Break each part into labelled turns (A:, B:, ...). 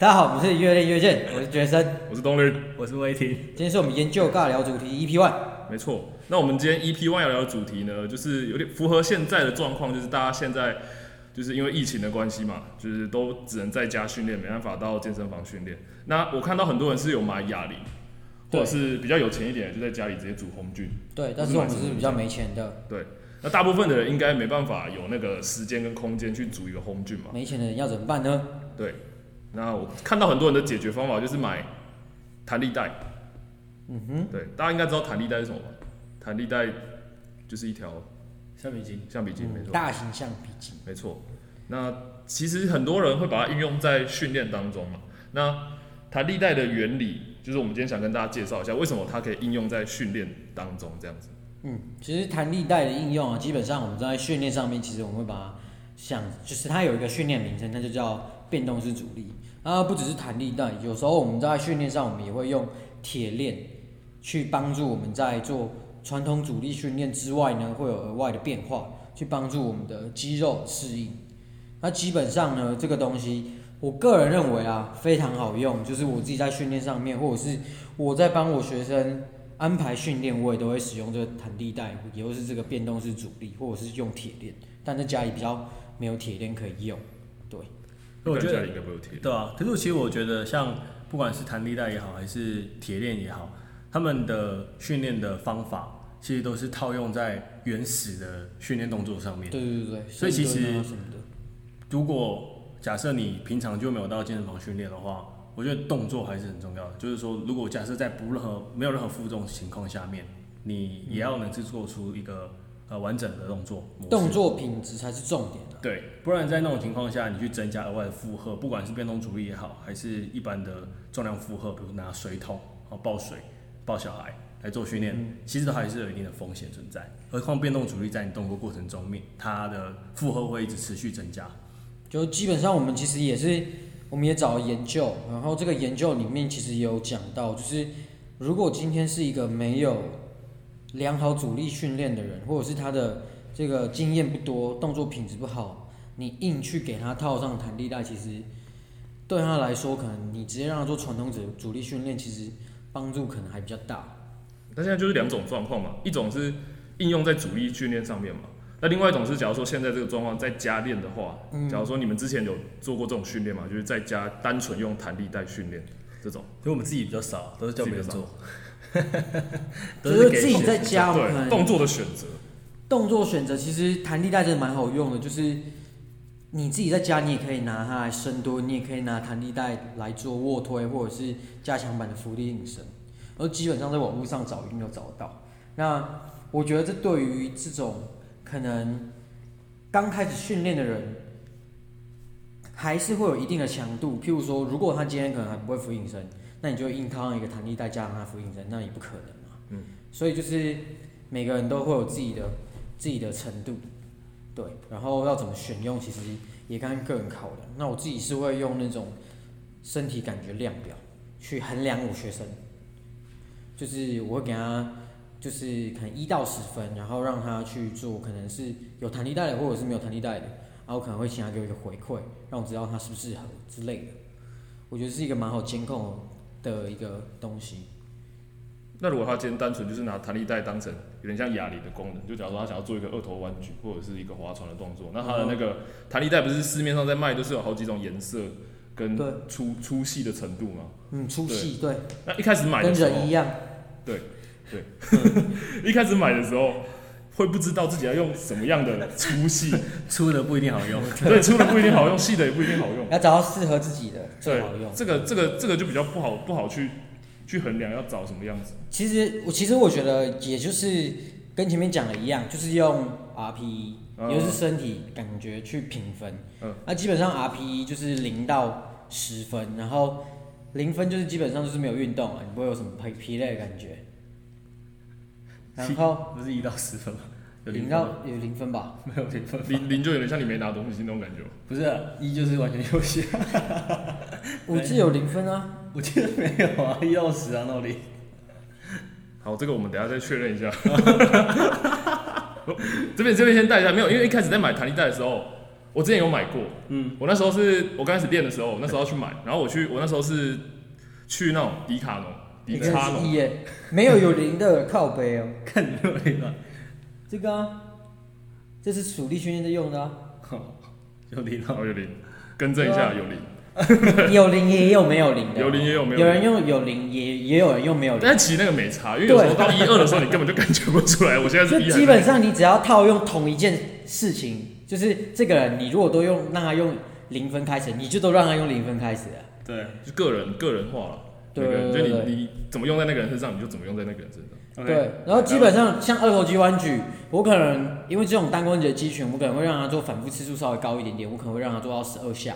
A: 大家好，我是越練越健，我是杰森，我是東林，我是魏婷。今天是我們研究尬聊主
B: 題 EP one。沒錯，那我們今天 EP one 要聊的主題呢，就是有點符合現在的狀況，就是大家現在就是因為疫情的關係嘛，就是都只能在家訓練，沒辦法到健身房訓練。那我看到很多人是有買啞鈴，或者是比較有錢一點的，就在家裡直接組 home gym。
A: 對，但是我們只是比較沒錢的。對，
B: 那大部分的人應該沒辦法有那個時間跟空間去組一個 home gym 嘛。沒錢的人要怎麼辦呢？對。那我看到很多人的解決方法就是買彈力帶，嗯哼，對，大家應該知道彈力帶是什麼吧？彈力帶就是一條橡皮筋，橡皮筋、嗯、沒錯，大型橡皮筋沒錯。那其實很多人會把它應用在訓練當中嘛。那彈力帶的原理就是我們今天想跟大家介紹一下，為什麼它可以應用在訓練當中這樣子。嗯，
A: 其實彈力帶的應用啊，基本上我們在訓練上面，其實我們會把它像，就是它有一個訓練名稱，它就叫。變動式阻力啊，不只是彈力帶，有時候我們在訓練上，我們也會用鐵鏈去幫助我們在做傳統阻力訓練之外呢，會有額外的變化去幫助我們的肌肉適應。那基本上呢，這個東西我個人認為啊，非常好用，就是我自己在訓練上面，或者是我在幫我學生安排訓練，我也都會使用這個彈力帶，也就是這個變動式阻力，或者是用鐵鏈。但在家裡比較沒有鐵鏈可以用，對。那我覺得對啊，可是
C: 其實我覺得像不管是彈力帶也好，還是鐵鏈也好，他們的訓練的方法其實都是套用在原始的訓練動作上面。對對對。所以其實如果假設你平常就沒有到健身房訓練的話，我覺得動作還是很重要的。就是說，如果假設在不任何沒有任何負重情況下面，你也要能制作出一個。呃，完整的動作，動作品質才是重點的、啊、對，不然在那種情況下，你去增加額外的負荷，不管是變動阻力也好，還是一般的重量負荷，比如拿水桶、哦抱水、抱小孩來做訓練，嗯、其實都還是有一定的風險存在。何況、嗯、變動阻力在你動作過程中面，它的
A: 負荷會一直持續增加。就基本上，我們其實也是，我們也找了研究，然後這個研究裡面其實也有講到，就是如果今天是一個沒有良好阻力訓練的人，或者是他的這個經驗不多，動作品質不好，你硬去給他套上彈力帶，其實對他來說，可能你直接讓他做傳統阻力訓練，其實幫助可能還比較大。
B: 那現在就是兩種狀況嘛，一種是應用在阻力訓練上面嘛，那另外一種是假如說現在這個狀況在家練的話，嗯、假如說你們之前有做過這種訓練嘛，就是在家單純
C: 用彈力帶訓練這種，因為我們自己比較少，都是教別人做。哈哈哈，就是自己在家，對動作的選擇，
A: 動作選擇其實彈力帶真的蠻好用的。就是你自己在家，你也可以拿它來深蹲，你也可以拿彈力帶來做臥推，或者是加強版的伏地引身。而基本上在網絡上找，一定都找得到。那我覺得這對於這種可能剛開始訓練的人，還是會有一定的強度。譬如說，如果他今天可能還不會伏引身。那你就硬靠上一個彈力帶加上那輔引繩，那也不可能嘛。嗯，所以就是每個人都會有自己的自己的程度，對。然後要怎麼選用，其實也看個人考量的。那我自己是會用那種身體感覺量表去衡量我學生，就是我會給他就是可能一到十分，然後讓他去做，可能是有彈力帶的或者是沒有彈力帶的，然後，啊，可能會請他給我一個回饋，讓我知道他適不適合之類的。我覺得是一個蠻好監控哦，的一個東西。
B: 那如果他今天單純就是拿彈力帶當成有點像啞鈴的功能，就假如說他想要做一個二頭彎舉或者是一個划船的動作，那他的那個彈力帶不是市面上在賣都、就是有好幾種顏色跟粗對粗細的程度嗎？嗯，
C: 粗細對。那一開始買的時候跟人一樣，
B: 對對，一開始買的時候。會不知道自己要用什麼樣的粗細
C: 對， 粗的不一定好用，對，粗的不一定好用，細
B: 的也不一定好用，要找到適合自己的最好
A: 用。這個這個這個就比較不好不好去去衡量，要找什麼樣子？其實我其實我覺得也就是跟前面講的一樣，就是用 RPE，、嗯、也就是身體感覺去評分。嗯，那、啊、基本上 RPE 就是零到十分，然後零分就是基本上就是沒有運動啊，你不會有什麼疲疲累的感覺。七
C: 號不是一到十分
A: 嗎？有零到有零分吧？沒有零分零。
B: 零就有點像你沒拿東西那種感覺。
C: 不是一、啊、就是完全休息 對我
B: 記得有零分啊？對我記得沒有啊？一到十啊那裡。好，這個我們等下再確認一下。 這邊這邊先帶一下，沒有，因為一開始在買彈力帶的時候，我之前有買過。嗯我我。我那時候是我剛開始練的時候，那時候去買，嘿然後我去我那時候是去那種迪卡儂。你差一耶，沒有有零
A: 的 靠背哦、喔。看你的零了，啊、這個啊，這是樹奶訓練在用的啊。呵呵
C: 有零套、啊、有零，更正一下，啊、有零。有零也有沒有零的、喔。有零也有沒有。有，有，沒有，有人用有零，也也有人用沒有。但其實那個沒差，因為我到
B: 一二的時候，你根本就感覺不出來。我現在是 基本上
A: 你只要套用同一件事情，就是這個，人你如果都用讓他用零分開始，你就都讓他用零分開始。對，就個人個人化了。對、對、對、對、那個，就你你怎麼用在那個人身上，你就怎麼用在那個人身上。
B: 對，然後基本
A: 上像二頭肌彎舉，我可能因為這種單關節肌群，我可能會讓他做反覆次數稍微高一點點，我可能會讓他做到十二下。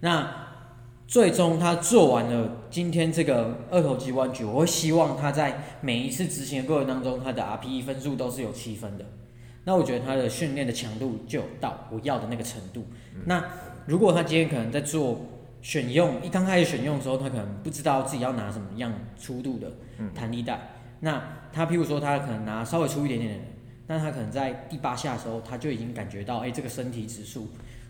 A: 那最終他做完了今天這個二頭肌彎舉，我會希望他在每一次執行的過程當中，他的 RPE 分數都是有七分的。那我覺得他的訓練的強度就到我要的那個程度。嗯、那如果他今天可能在做。選用一剛開始選用的時候，他可能不知道自己要拿什麼樣粗度的彈力帶。嗯、那他譬如說，他可能拿稍微粗一點點，那、嗯、他可能在第八下的時候，他就已經感覺到，哎、欸，這個身體指數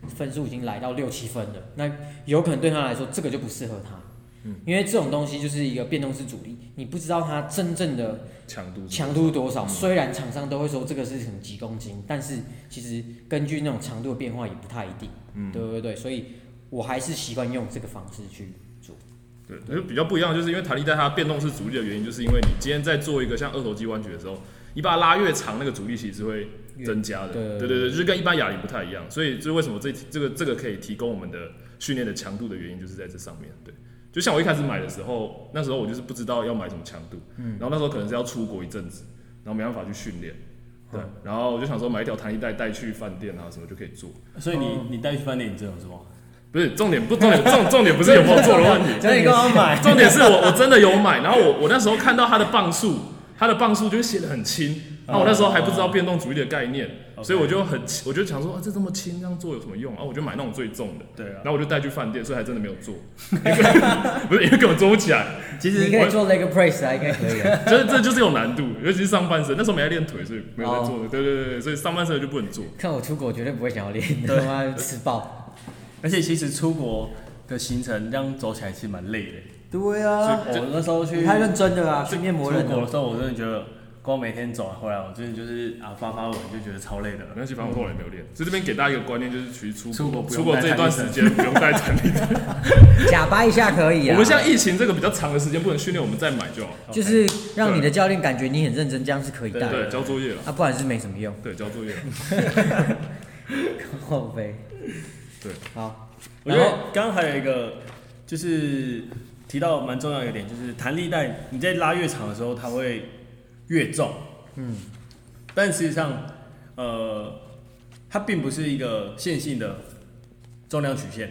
A: 分數已經來到六七分了。那有可能對他來說，這個就不適合他，嗯、因為這種東西就是一個變動式阻力，你不知道他真正的強度強度多少。嗯、雖然廠商都會說這個是什麼幾公斤，但是其實根據那種長度的變化也不太一定，嗯、對對對，所以。我還是習慣用這個方式去做。對，那
B: 就比較不一樣，就是因為彈力帶它變動是阻力的原因，就是因為你今天在做一個像二頭肌彎曲的時候，你把它拉越長，那個阻力其實是會增加的。對，對對對，就是跟一般啞鈴不太一樣，所以就是為什麼這這個這個可以提供我們的訓練的強度的原因，就是在這上面。對，就像我一開始買的時候，嗯、那時候我就是不知道要買什麼強度，嗯，然後那時候可能是要出國一陣子，然後沒辦法去訓練，嗯、對，然後我就想說買一條彈力帶帶去飯店啊什麼就可
C: 以做。所以你、嗯、你帶去飯店，你這樣是嗎？不是重點，不重點，重重點不是有沒有做的問題，以買。重點是我我真
B: 的有買，然後我我那時候看到他的磅數，他的磅數就寫得很輕，那我那時候還不知道變動阻力的概念，所以我就很，我就想說這這麼輕，這樣做有什麼用啊？我就買那種最重的。對啊。然後我就帶去飯店，所以還真的沒有做，不是因為根本做不起來。其實你可以做那個 press 應該可以。就是這就是有難度，尤其是上半身。那時候沒在練腿，所以沒有在做。對對對對，所以上半身就不能做。看我出國我絕對不會
C: 想要練，我要吃爆。而且其實出國的行程這樣走起來其實蠻累的。對啊，我那時候去太認真的啊！去面膜，出國的時候我真的覺得光每天走，後來我真的就是啊發發文就覺得超累的。沒關係，反正我也沒有練。所以這邊給大家一個觀念，就是其實出國
B: 出國這一段時間不用帶戰
C: 衣的，假掰一下
A: 可以啊。我們像疫情這個比較長的時間不能訓練，我們再買就好。就是讓你的教練感覺你很認真，這樣是可以帶。對，交作業了啊，不然是沒什麼用。對，交作業。了後背。對，好。然後剛
C: 剛還有一個，就是提到蠻重要的一點，就是彈力帶，你在拉越長的時候，它會越重。
A: 嗯。
C: 但實際上，呃，它並不是一個線性的重量曲線。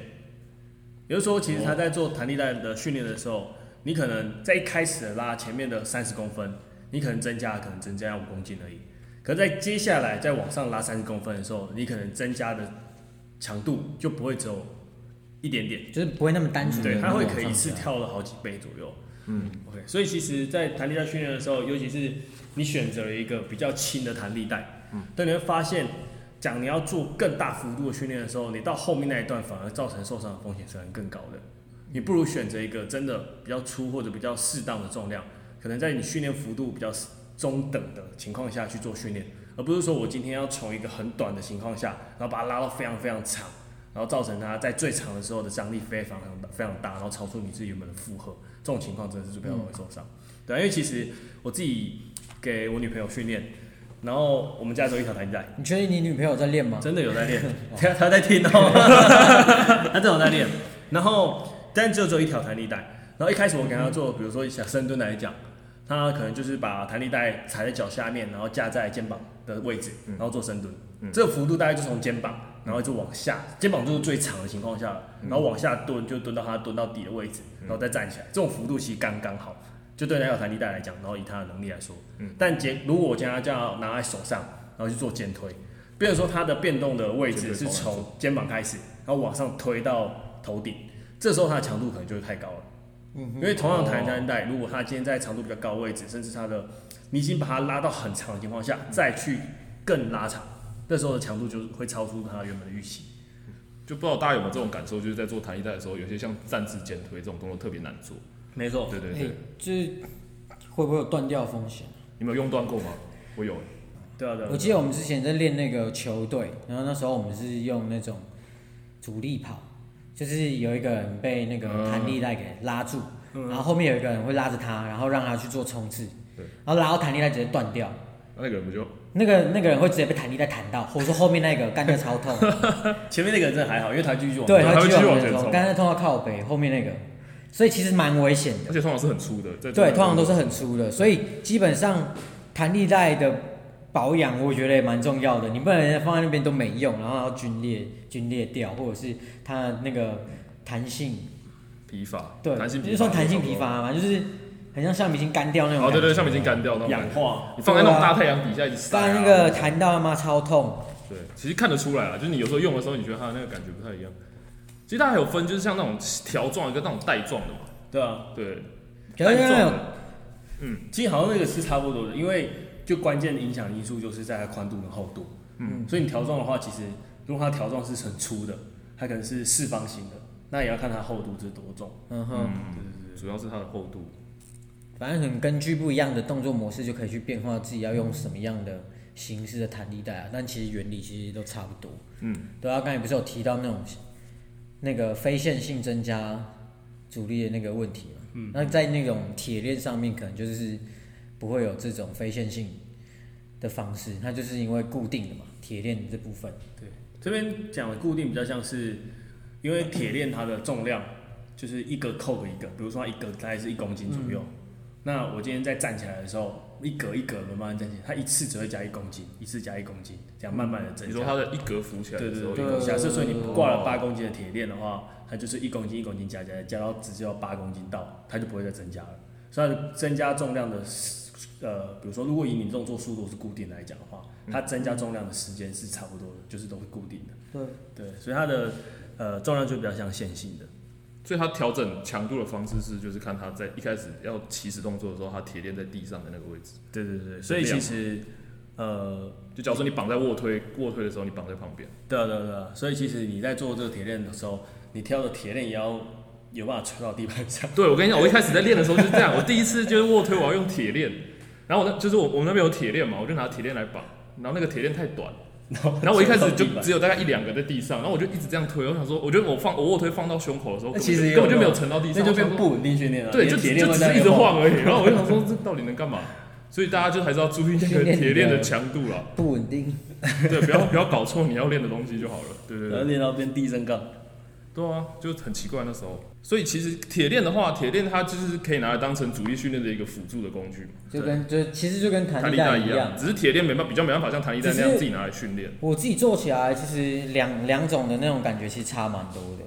C: 比如說，其實他在做彈力帶的訓練的時候，你可能在一開始拉前面的三十公分，你可能增加可能增加五公斤而已。可在接下來再往上拉三十公分的時候，你可能增加的。強度就不會只有一點點，就是不會那麼單純。對，它會可以一次跳了好幾倍左右。嗯，OK。所以其實，在彈力帶訓練的時候，尤其是你選擇了一個比較輕的彈力帶，嗯，但你會發現，講你要做更大幅度的訓練的時候，你到後面那一段反而造成受傷的風險是更高的。你不如選擇一個真的比較粗或者比較適當的重量，可能在你訓練幅度比較中等的情況下去做訓練。而不是說我今天要從一個很短的情況下，然後把它拉到非常非常長，然後造成它在最長的時候的張力非常非常大，然後超出你自己原本的負荷，這種情況真的是最有容易受傷。嗯、對，因為其實我自己給我女朋友訓練，然後我們家只有一條彈力帶。
A: 你確定你女朋友在練嗎？真的有在練，她、哦、在聽哦，她真的在練。
C: 然後，但只有這一條彈力帶。然後一開始我給她做，嗯、比如說像深蹲來講，她可能就是把彈力帶踩在腳下面，然後架在肩膀的位置，然後做深蹲，嗯嗯、這個幅度大概就從肩膀，然後就往下，肩膀就是最長的情況下，然後往下蹲就蹲到他蹲到底的位置，然後再站起來，這種幅度其實剛剛好，就對那個彈力帶來講，然後以他的能力來說，但結如果我將它這樣拿在手上，然後去做肩推，變成說它的變動的位置是從肩膀開始，然後往上推到頭頂，這時候它的強度可能就是太高了。
A: 嗯，因為同樣彈彈
C: 帶，如果它今天在長度比較高位置，甚至它的你已經把它拉到很長的情況下，再去更拉長，那時候的強度就會超出它
B: 原本的預期。就不知道大家有沒有這種感受，就是在做彈力帶的時候，有些像站姿肩推這種動作特別難做。沒錯錯。對對對，就
A: 是、欸、會不會有斷掉風險？你有沒有用
C: 斷過嗎？我有、欸。
A: 對啊，我記得我們之前在練那個球隊，然後那時候我們是用那種阻力跑。就是有一個人被那個彈力帶給拉住，嗯嗯、然後後面有一個人會拉着他，然後讓他去做衝刺，對然後拉到彈力帶直接斷掉，那個人不就那個那個人會直接被彈力帶彈到，或者 說後面那個幹的超痛， 前面
C: 那個人真的還好，因為他繼續往對，衝，他繼續往前衝，剛才
A: 痛到靠北，後面那個，所以其實蠻危險的，而且通常是很粗的，對，通常都是很粗的，對所以基本上彈力帶的。保養我覺得也蠻重要的，你不然放在那邊都沒用，然後要龜裂，龜裂掉，或者是它那個彈性疲乏，疲乏對，彈性疲乏嘛，就是很像橡皮筋乾掉那種感覺啊。哦對，對對，橡皮筋乾掉那種。然後氧化，放在那種大太陽底下一直曬啊。那個彈到他媽超痛。對，其實看得出來啊，就是
B: 你有時候用的時候，你覺得它的那個感覺不太一樣。其實它還有分，就是像那種條狀的跟那種帶狀
C: 的嘛。對啊，對，條狀。嗯，其實好像那個是差不多的，因為。最關鍵的影響因素就是在它寬度跟厚度，嗯，所以你條狀的話，嗯、其實如果它條狀是很粗的，它可能是四方形的，那也要看它厚度是多重，嗯哼，對對對，主要是它的厚度。反
A: 正可能根據不一樣的動作模式，就可以去變化自己要用什麼樣的形式的彈力帶啊，但其實原理其實都差不多，嗯，對啊，剛才不是有提到那種那個非線性增加阻力的那個問題嘛，嗯，那在那種鐵鏈上面可能就是。不會有這種非線性的方式，它就是因為固定的嘛，鐵鏈這部分。對，這
C: 邊講的固定比較像是，因為鐵鏈它的重量就是一格扣個一格，比如說它一格大概是一公斤左右。嗯、那我今天在站起來的時候，一格一格慢慢站起來，它一次只會加一公斤，一次加一公斤，這樣慢慢的增加。嗯、比如說它的一格浮起來，對對對，對，對，對，對、嗯。假設說你掛了八公斤的鐵鏈的話，它就是一公斤一公斤加加加到直接要八公斤到，它就不會再增加了。所以它增加重量的。呃，比如說，如果以你動作速度是固定來講的話，嗯、它增加重量的時間是差不多的，就是都是固定的。對、嗯、對，所以它的呃重量就比較像線性的，所以它調整強度
B: 的方式是就是看它在一開始要起始動作的時候，它鐵鏈在地上的那個位置。對對對。所以其實
C: 亮呃，就假如說你綁在臥推，臥推的時候你綁在旁邊。對對對。所以其實你在做這個鐵鏈的時候，你挑的鐵鏈也要有辦法垂到地板上。對，我跟你講，我一開始在練的時候就是這樣， 我第
B: 一次就是臥推，我要用鐵鏈。然後我那就是我我們那邊有鐵鏈嘛，我就拿鐵鏈來綁。然後那個鐵鏈太短，然後我一開始就只有大概一兩個在地上，然後我就一直這樣推。我想說，我覺得我放我臥推放到胸口的時候，我其實有有根本就沒有沉到地上，那就變不穩定訓練了。是練了對，就就，就，就只是一直晃而已。然後我就想說， 這到底能幹嘛？所以大家就還是要注意那個鐵鏈的強度了。
A: 不穩定，
B: 對，不要不要搞錯你要練的東西就好了。對對對，對。然後練到變地震槓。對啊，就很奇怪那時候。所以其實鐵鏈的話，鐵鏈它就是可以拿來當成主力訓練的一個輔助的工具嘛，就跟
A: 就對其實就跟彈力帶一,一樣，
B: 只是鐵鏈沒辦法比較沒辦法像彈力帶那樣自己拿來訓練。
A: 我自己做起來，其實兩兩種的那種感覺其實差蠻多的。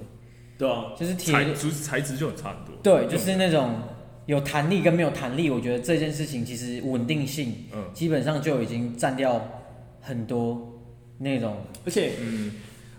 A: 對啊，就是鐵材材質就很差很多。對，就是那種有彈力跟沒有彈力，我覺得這件事情其實穩定性，嗯，基本上就已經佔掉很多那種。
C: 而且，嗯，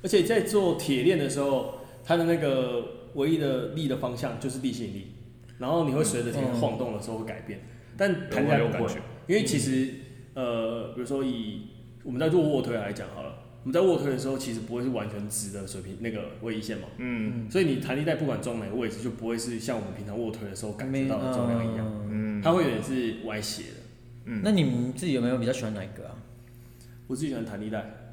C: 而且在做鐵鏈的時候，它的那個。唯一的力的方向就是地心引力，然後你會隨着你晃動的時候會改變，嗯嗯、但彈力帶不會，因為其實、嗯、呃，比如說以我們在做臥推來講好了，我們在臥推的時候其實不會是完全直的水平那個位移線嘛，嗯、所以你彈力帶不管裝哪個位置，就不會是像我們平常臥推的時候感覺到的重量一樣，啊、它會有點是歪斜的。嗯、那你們自己有沒有比較喜歡哪一個啊？我自己喜歡彈力帶。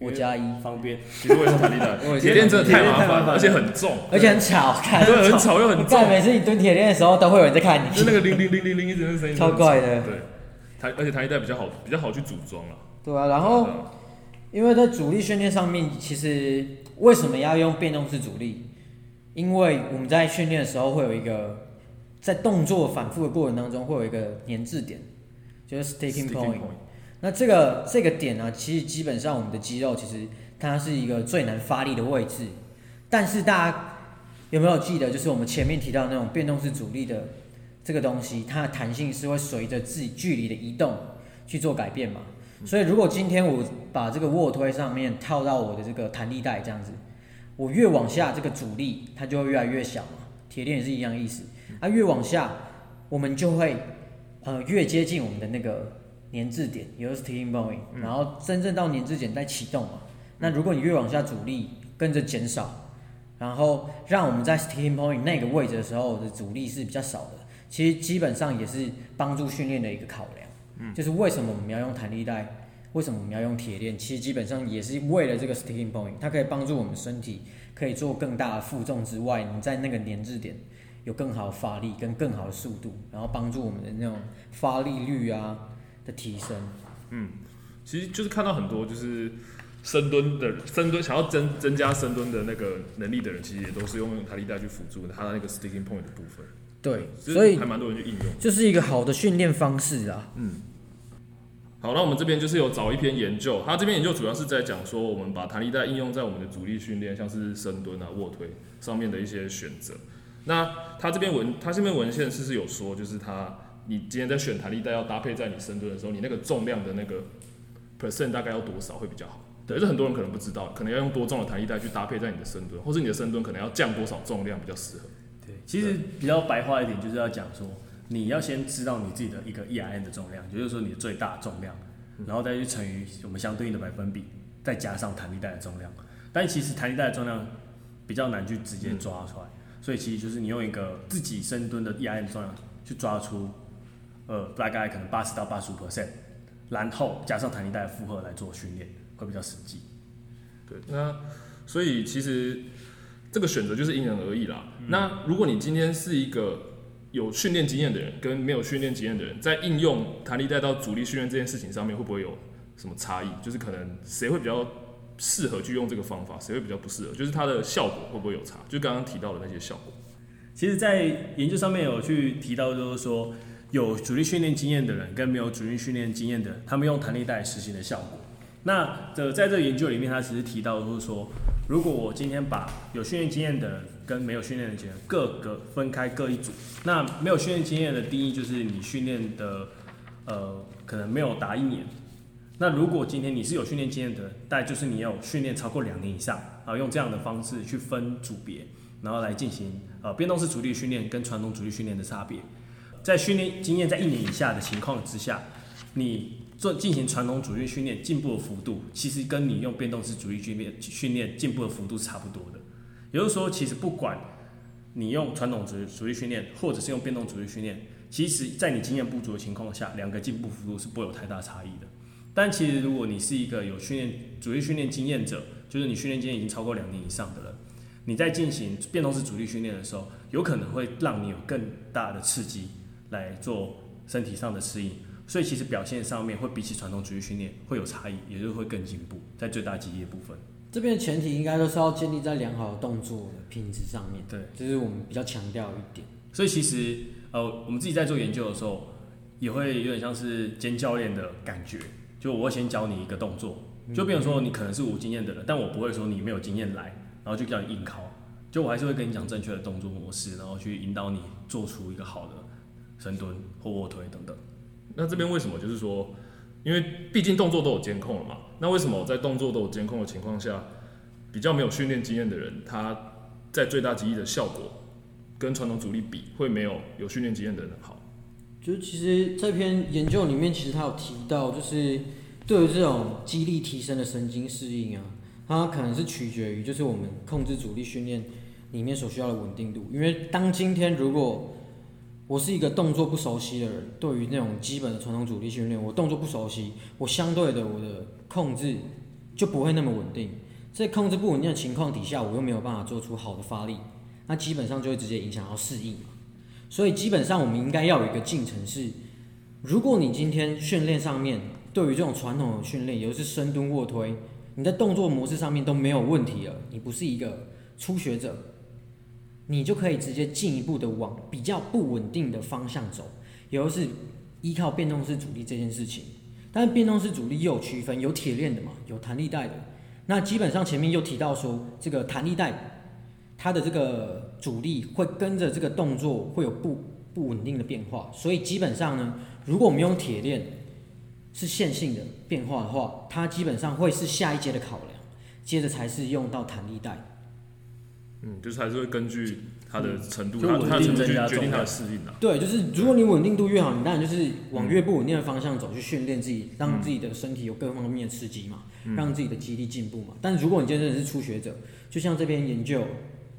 C: 五加一方便，其實我也用彈力帶、
B: 鐵鏈 真的太麻煩，麻而且很重，對而且很
A: 吵。對看，對很吵又很重。在每次你蹲鐵鏈的時候，都會有人在看你，就那個鈴鈴鈴鈴一直那聲音超怪的。對，
B: 彈而且彈力帶比較好，比較好去組裝了。
A: 對啊，然後因為在阻力訓練上面，其實為什麼要用變動式阻力？因為我們在訓練的時候會有一個，在動作反覆的過程當中，會有一個粘滯點，就是 sticking point。St 那這個這個點呢、啊，其實基本上我們的肌肉其實它是一個最難發力的位置，但是大家有沒有記得，就是我們前面提到那種變動式阻力的這個東西，它的彈性是會隨着自己距離的移動去做改變嘛？所以如果今天我把這個臥推上面套到我的這個彈力帶這樣子，我越往下這個阻力它就會越來越小嘛，鐵鏈也是一樣意思，那、啊、越往下我們就會呃越接近我們的那個。黏滯點，也就是 sticking point，然後真正到黏滯點再啟動嘛。嗯、那如果你越往下阻力跟着減少，然後讓我們在 sticking point 那個位置的時候的阻力是比較少的。其實基本上也是幫助訓練的一個考量。嗯，就是為什麼我們要用彈力帶，為什麼我們要用鐵鏈？其實基本上也是為了這個 sticking point，它可以幫助我們身體可以做更大的負重之外，你在那個黏滯點有更好的發力跟更好的速度，然後幫助我們的那種發力率啊。的提升，
B: 嗯，其實就是看到很多就是深蹲的深蹲想要增增加深蹲的那個能力的人，其實也都是用用彈力帶去輔助的，他的那個 sticking point 的部分。對，嗯，所以就是還蠻多人去應用，就是一個
A: 好的訓練方式啊。嗯，
B: 好，那我們這邊就是有找一篇研究，他這邊研究主要是在講說，我們把彈力帶應用在我們的阻力訓練，像是深蹲啊、臥推上面的一些選擇。那他這邊文，他這邊文獻是是有說，就是他。你今天在選彈力帶要搭配在你深蹲的時候，你那個重量的那個 percent 大概要多少會比較好？對，就很多人可能不知道，可能要用
C: 多重的彈力帶去搭配在你的深蹲，或者你的深蹲可能要降多少重量比較適合。對，其實比較白話一點，就是要講說，你要先知道你自己的一個 1RM 的重量，也就是說你的最大的重量，然後再去乘以我們相對應的百分比，再加上彈力帶的重量。但其實彈力帶的重量比較難去直接抓出來，嗯、所以其實就是你用一個自己深蹲的 1RM 的重量去抓出。呃，大概可能八十到八十五 percent，然後加上彈力帶的負荷來做訓練，會比較實際。對，
B: 那所以其實這個選擇就是因人而異啦。嗯、那如果你今天是一個有訓練經驗的人，跟沒有訓練經驗的人，在應用彈力帶到阻力訓練這件事情上面，會不會有什麼差異？就是可能誰會比較適合去用這個
C: 方法，誰會比較不適合？就是它的效果會不會有差？就剛剛提到的那些效果。其實，在研究上面有去提到，就是說。有主力訓練經驗的人跟沒有主力訓練經驗的，他們用彈力帶實行的效果。那這在這研究裡面，他只是提到，就是說，如果我今天把有訓練經驗的跟沒有訓練的經驗各個分開各一組，那沒有訓練經驗的定義就是你訓練的呃可能沒有達一年。那如果今天你是有訓練經驗的，大概就是你要訓練超過兩年以上，然後用這樣的方式去分組別，然後來進行呃變動式主力訓練跟傳統主力訓練的差別。在訓練經驗在一年以下的情況之下，你做進行傳統阻力訓練進步的幅度，其實跟你用變動式阻力訓練訓練進步的幅度是差不多的。也就是說，其實不管你用傳統阻力阻訓練，或者是用變動阻力訓練，其實在你經驗不足的情況下，兩個進步幅度是不會有太大差異的。但其實如果你是一個有訓練阻力訓練經驗者，就是你訓練經驗已經超過兩年以上的了，你在進行變動式阻力訓練的時候，有可能會讓你有更大的刺激。來做身體上的適應，所以其實表現上面會比起傳統體育訓練會有差異，也就是會更進步在最大肌力部分。
A: 這邊的前提應該都是要建立在良好的動作的品質上面，對，這是我們比較強調一點。
C: 所以其實呃，我們自己在做研究的時候，也會有點像是兼教練的感覺，就我會先教你一個動作，就比如說你可能是無經驗的人，嗯、但我不會說你沒有經驗來，然後就叫你硬考。就我還是會跟你講正確的動作模式，然後去引導你做出一個好的。深蹲、或臥推等等，那這邊為什麼就是說，
B: 因為畢竟動作都有監控了嘛？那為什麼我在動作都有監控的情況下，比較沒有訓練經驗的人，他在最大肌力的效果跟傳統阻力比，會沒有有訓練經驗的人好？
A: 就是其實這篇研究裡面，其實他有提到，就是對於這種肌力提升的神經適應啊，它可能是取決於就是我們控制阻力訓練裡面所需要的穩定度，因為當今天如果。我是一個動作不熟悉的人，對於那種基本的傳統主力訓練，我動作不熟悉，我相對的我的控制就不會那麼穩定。在控制不穩定的情況底下，我又沒有辦法做出好的發力，那基本上就會直接影響到適應嘛。所以基本上我們應該要有一個進程是，如果你今天訓練上面對於這種傳統的訓練，尤其是深蹲臥推，你在動作模式上面都沒有問題了，你不是一個初學者。你就可以直接進一步的往比較不穩定的方向走，也就是依靠變動式阻力這件事情。但是變動式阻力又有區分，有鐵鏈的嘛，有彈力帶的。那基本上前面又提到說，這個彈力帶它的這個阻力會跟着這個動作會有不不穩定的變化，所以基本上呢，如果我們用鐵鏈是線性的變化的話，它基本上會是下一階的考量，接着才是用到彈力帶。
B: 嗯，就是還是會根據它的程度，它、嗯、的程度增加狀態的適應的、啊。對，就是
A: 如果你穩定度越好，你當然就是往越不穩定的方向走、嗯、去訓練自己，讓自己的身體有各方面的刺激嘛，讓自己的肌力進步嘛。但是如果你今天真的是初學者，就像這邊研究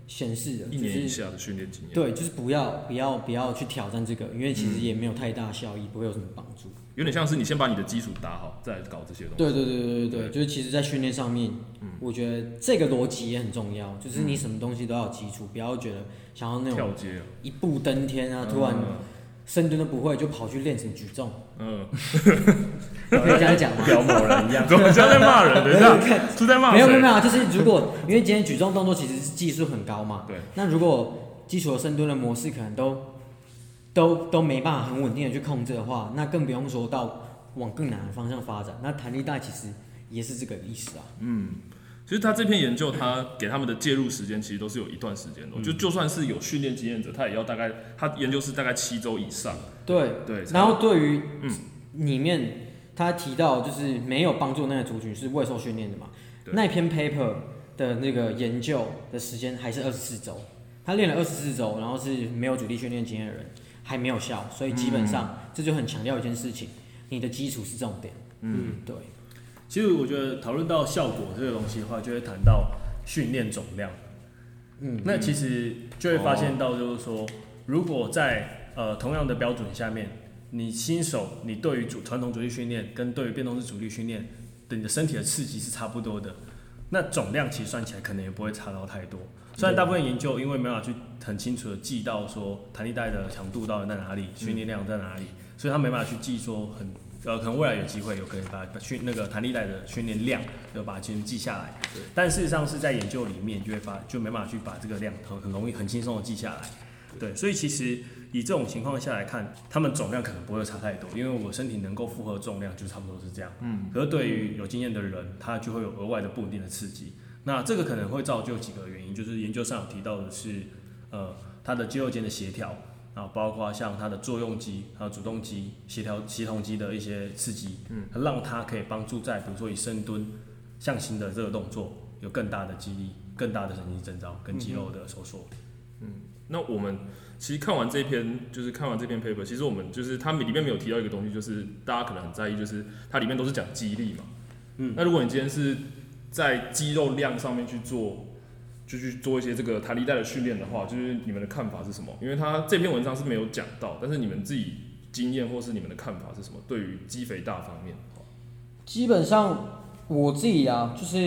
A: 顯示的是，一年以下的訓練經驗，對，就是不要不要不要去挑戰這個，因為其實也沒有太大效益，嗯、不會有什麼幫助。有點像是你先把
B: 你的基礎打好，再搞這些東西。對對
A: 對對對對，就是其實在訓練上面，我覺得這個邏輯也很重要，就是你什麼東西都要有基礎，不要覺得想要那種一步登天啊，突然深蹲都不會就跑去練成舉重。嗯，可以這樣講嗎？表某人一樣，怎麼現在罵人？等一下，是在罵？沒有沒有沒有，就是如果因為今天舉重動作其實是技術很高嘛，對，那如果基礎的深蹲的模式可能都。都都沒辦法很穩定的去控制的話，那更不用說到往更難的方向發展。那彈力帶其實也是這個意思啊。嗯，其實他這篇研
B: 究他給他們的介入時間其實都是有一段時間的，嗯、就就算是有訓練經驗者，他也要大概他研究是大概七週以上。對
A: 對。對對然後對於嗯裡面嗯他提到就是沒有幫助那個族群是未受訓練的嘛。對那篇 paper 的那個研究的時間還是二十四週，他練了二十四週，然後是沒有阻力訓練經驗的人。還沒有效，所以基本上、嗯、這就很強調一件事情，你的基礎是重點。嗯，對。其實我覺得討論到效果這個東西的話，就會談到
C: 訓練總量。嗯，那其實就會發現到，就是說，嗯、如果在、哦、呃同樣的標準下面，你新手你對於阻、傳統阻力訓練跟對於變動式阻力訓練，對你的身體的刺激是差不多的，那總量其實算起來可能也不會差到太多。雖然大部分研究因為沒辦法去很清楚的記到說彈力帶的強度到底在哪裡，嗯、訓練量在哪裡，所以他沒辦法去記說很呃可能未來有機會有可能把訓那個彈力帶的訓練量要把它先記下來，對。但事實上是在研究裡面就會發就沒法去把這個量很很容易很輕鬆的記下來，對。所以其實以這種情況下來看，他們總量可能不會差太多，因為我身體能夠負荷重量就差不多是這樣，嗯。可是對於有經驗的人，他就會有額外的不穩定的刺激。那這個可能會造就幾個原因，就是研究上有提到的是，呃，它的肌肉間的協調，啊，包括像它的作用肌、還有主動肌、協調協同肌的一些刺激，嗯，讓它可以幫助在比如說以深蹲、向心的這個動作有更大的肌力、更大的神經徵召跟肌肉的收縮。嗯，嗯，嗯，那我們其實看
B: 完這篇，嗯、就是看完這篇 paper，其實我們就是它裡面沒有提到一個東西，就是大家可能很在意，就是它裡面都是講肌力嘛。嗯，那如果你今天是在肌肉量上面去做，就去做一些這個彈力帶的訓練的話，就是你們的看法是什麼？因為他這篇文章是沒有講到，但是你們自己經驗或是你們的看法是什麼？對於肌肥大方面
A: 的話，基本上我自己啊，就是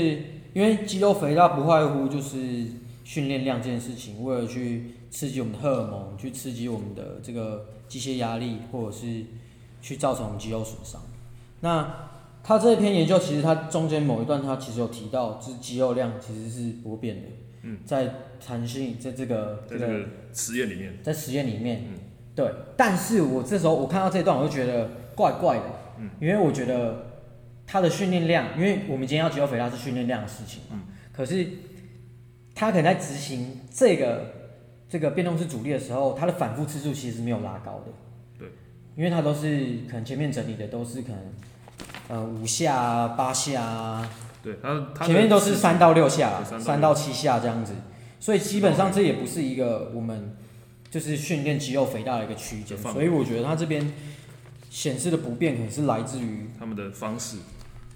A: 因為肌肉肥大不外乎就是訓練量這件事情，為了去刺激我們的荷爾蒙，去刺激我們的這個機械壓力，或者是去造成我們肌肉損傷。那他這一篇研究，其實他中間某一段，他其實有提到，就是肌肉量其實是不變的。嗯，在彈性在這個這個在實驗裡面，在實驗裡面，嗯，對。但是我這時候我看到這一段，我就覺得怪怪的。嗯，因為我覺得他的訓練量，因為我們今天要肌肉肥大是訓練量的事情。嗯，可是他可能在執行這個這個變動式阻力的時候，他的反復次數其實沒有拉高的。對，因為他都是可能前面整理的都是可能。呃，五下、啊、八下、啊，對，它前面都是三到六下，三到七下這樣子，所以基本上這也不是一個我們就是訓練肌肉肥大的一個區間，所以我覺得它這邊顯示的不變，可能是來自於他們的方式，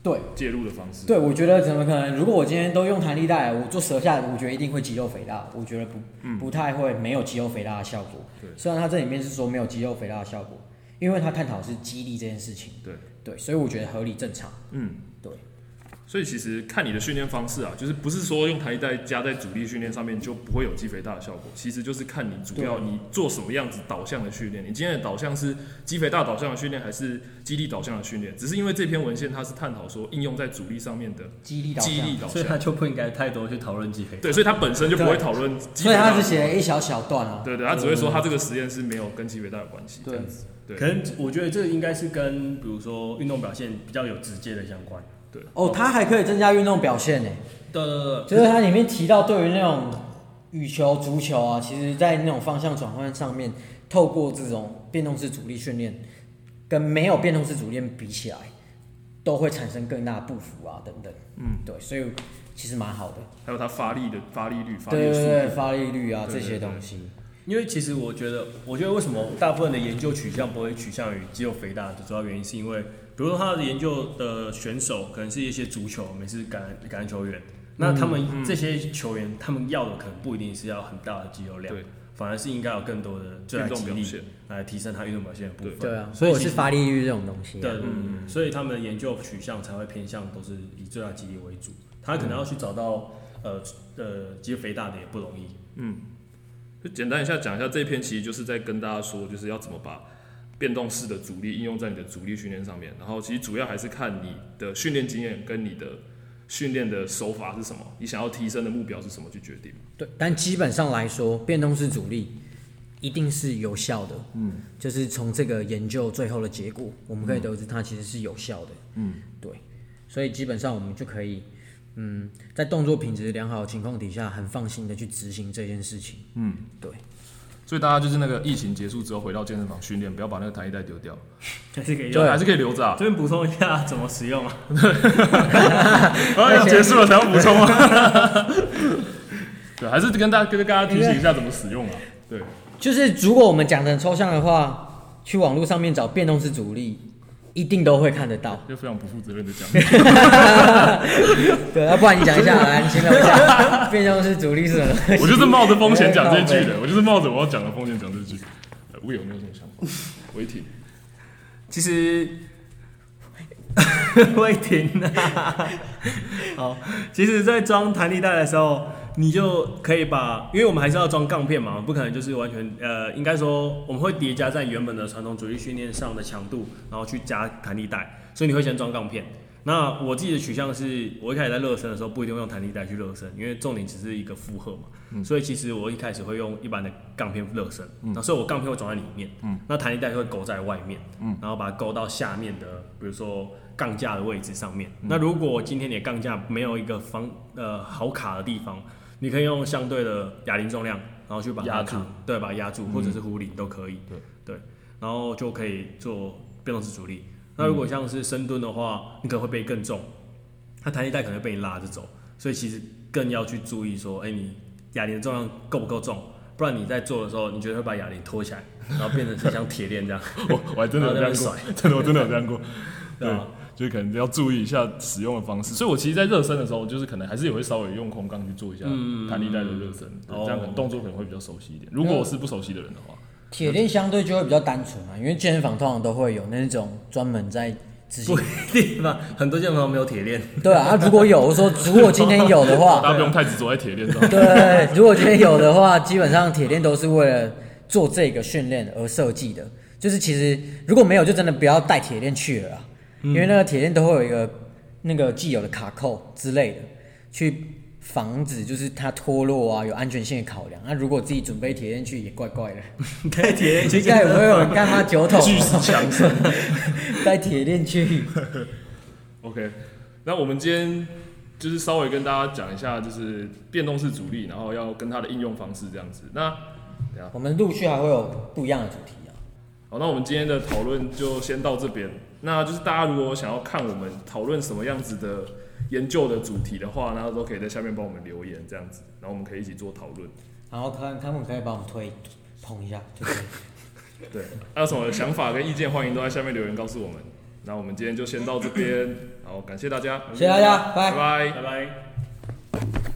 A: 對，介入的方式，對，我覺得怎麼可能？如果我今天都用彈力帶，我做十下，我覺得一定會肌肉肥大，我覺得不，嗯、不太會沒有肌肉肥大的效果。對，雖然它這裡面是說沒有肌肉肥大的效果，因為它探討的是肌力這件事情。對。對，所以我覺得合理正常。嗯。嗯
B: 所以其實看你的訓練方式啊，就是不是說用彈力帶加在阻力訓練上面就不會有肌肥大的效果，其實就是看你主要你做什麼樣子導向的訓練。對你今天的導向是肌肥大導向的訓練，還是肌力導向的訓練？只是因為這篇文獻它是探討說應用在阻力上面的
C: 肌力導向，導向，所以它就不應該太多去討論肌肥。對，所以它本身就不會討論，所以它只寫一小小段啊。對對，對對，它只會說它這個實驗是沒有跟肌肥大有關係。對。可能我覺得這應該是跟比如說運動表現比較有直接的相關。對，哦，它還
A: 可以增加運動表現呢？對對對，就是它裡面提到對於那種羽球、足球啊，其實在那種方向轉換上面，透過這種變動式阻力訓練，跟沒有變動式阻力練比起來，都會產生更大的步幅啊等等。嗯，對，所以其實蠻好的。還
C: 有它發力的發力率、發力對對對對發力率啊對對對對這些東西。
A: 因為其實
C: 我覺得，我覺得為什麼大部分的研究取向不會取向於肌肉肥大的主要原因，是因為。比如說，他的研究的選手可能是一些足球、每次橄橄欖球員，那他們、嗯嗯、這些球員，他們要的可能不一定是要很大的肌肉量，對反而是應該有更多的最大肌力來提升他運動表現的部分。對啊，所以我是發力率這種東西。對，所以他們的研究取向才會偏向都是以最大肌力為主。他可能要去找到、嗯、呃呃肌肥大的也不容易。嗯，就簡單一下講一下這一篇，其實就是
B: 在跟大家說，就是要怎麼把。變動式的阻力應用在你的阻力訓練上面，然後其實主要還是看你的訓練經驗跟你的訓練的手法是什麼，你想要提升的目標是什麼去決定。
A: 對，但基本上來說，變動式阻力一定是有效的。嗯，就是從這個研究最後的結果，我們可以得知它其實是有效的。嗯，對，所以基本上我們就可以，嗯，在動作品質良好的情況底下，很放心的去執行這件事情。嗯，對。所以大家就是那個疫
B: 情結束之後回到健身房訓練，不要把那個彈力帶丟掉還，還是可以用，就還是可以留
C: 着啊。這邊補充一下怎麼使用啊？哈哈哈要結束了才要補充啊？
A: 對，還是跟大家跟大家提醒一下怎麼使用啊？對，就是如果我們講得很抽象的話，去網絡上面找變動式阻力。一定都會看得到，就非常不負責任的講。對，要、啊、不然你講一下， 來，你先講。變相是主力式。我就是冒着風險講這句的，我就是
B: 冒着我，我要講的風險講這句。我有沒有這種想法？魏婷 停，其實，
C: 魏 婷停、啊， 好，其實在裝彈力帶的時候。你就可以把，因為我們還是要裝槓片嘛，不可能就是完全，呃，應該說我們會疊加在原本的傳統主義訓練上的強度，然後去加彈力帶，所以你會先裝槓片。那我自己的取向是，我一開始在熱身的時候不一定用彈力帶去熱身，因為重點只是一個負荷嘛，嗯、所以其實我一開始會用一般的槓片熱身，那、嗯、所以我槓片會裝在裡面，嗯，那彈力帶會勾在外面，嗯，然後把它勾到下面的，比如說槓架的位置上面。嗯、那如果今天你的槓架沒有一個方，呃，好卡的地方。你可以用相對的啞鈴重量，然後去把它壓住，對，把它壓住，或者是壺鈴都可以。對、嗯、對，然後就可以做變動式阻力。嗯、那如果像是深蹲的話，你可能會變更重，它彈力帶可能會被你拉着走，所以其實更要去注意說，哎、欸，你啞鈴的重量夠不夠重？不然你在做的時候，你覺得會把啞鈴拖起來，然後變成像鐵鏈這樣。我我還真的有這樣過，真的 我真的有這樣過。對。 對
B: 就可能要注意一下使用的方式，所以我其實，在熱身的時候，就是可能還是也會稍微用空槓去做一下彈力帶的熱身，這樣動作可能會比較熟悉一點。如果我是不熟悉的人的話，
A: 鐵鏈相對就會比較單純嘛，因為健身房通常都會有那種專門在執行。
C: 不一定嘛，很多健身房沒有鐵鏈、 啊。對啊，如果有我說，如果今天有的話，大家不用太執着在鐵鏈上。的話。對，如果今天有的
A: 話，基本上鐵鏈都是為了做這個訓練而設計的，就是其實如果沒有，就真的不要帶鐵鏈去了啦。因為那個鐵鏈都會有一個那個既有的卡扣之類的，去防止就是它脫落啊，有安全性的考量。那、啊、如果自己準備鐵鏈去，也怪怪的。帶鐵鏈，應該有沒有人幹他酒桶？強盛。帶鐵鏈去。 去
B: OK，那我們今天就是稍微跟大家講一下，就是變動式阻力，然後要跟它的應用方式這樣子。
A: 那我們陸續還會有不一樣的主題啊。
B: 好，那我們今天的討論就先到這邊。那就是大家如果想要看我們討論什麼樣子的研究的主題的話，然後都可以在下面幫我們留言這樣子，然後我們可以一起做討論，
A: 然後看他們可以幫我們推捧一下，就可以 對，還
B: 有什麼想法跟意見，歡迎都在下面留言告訴我們。那我們今天就先到
C: 這邊，好，感謝大家，謝謝大家，拜拜，拜拜 Bye.。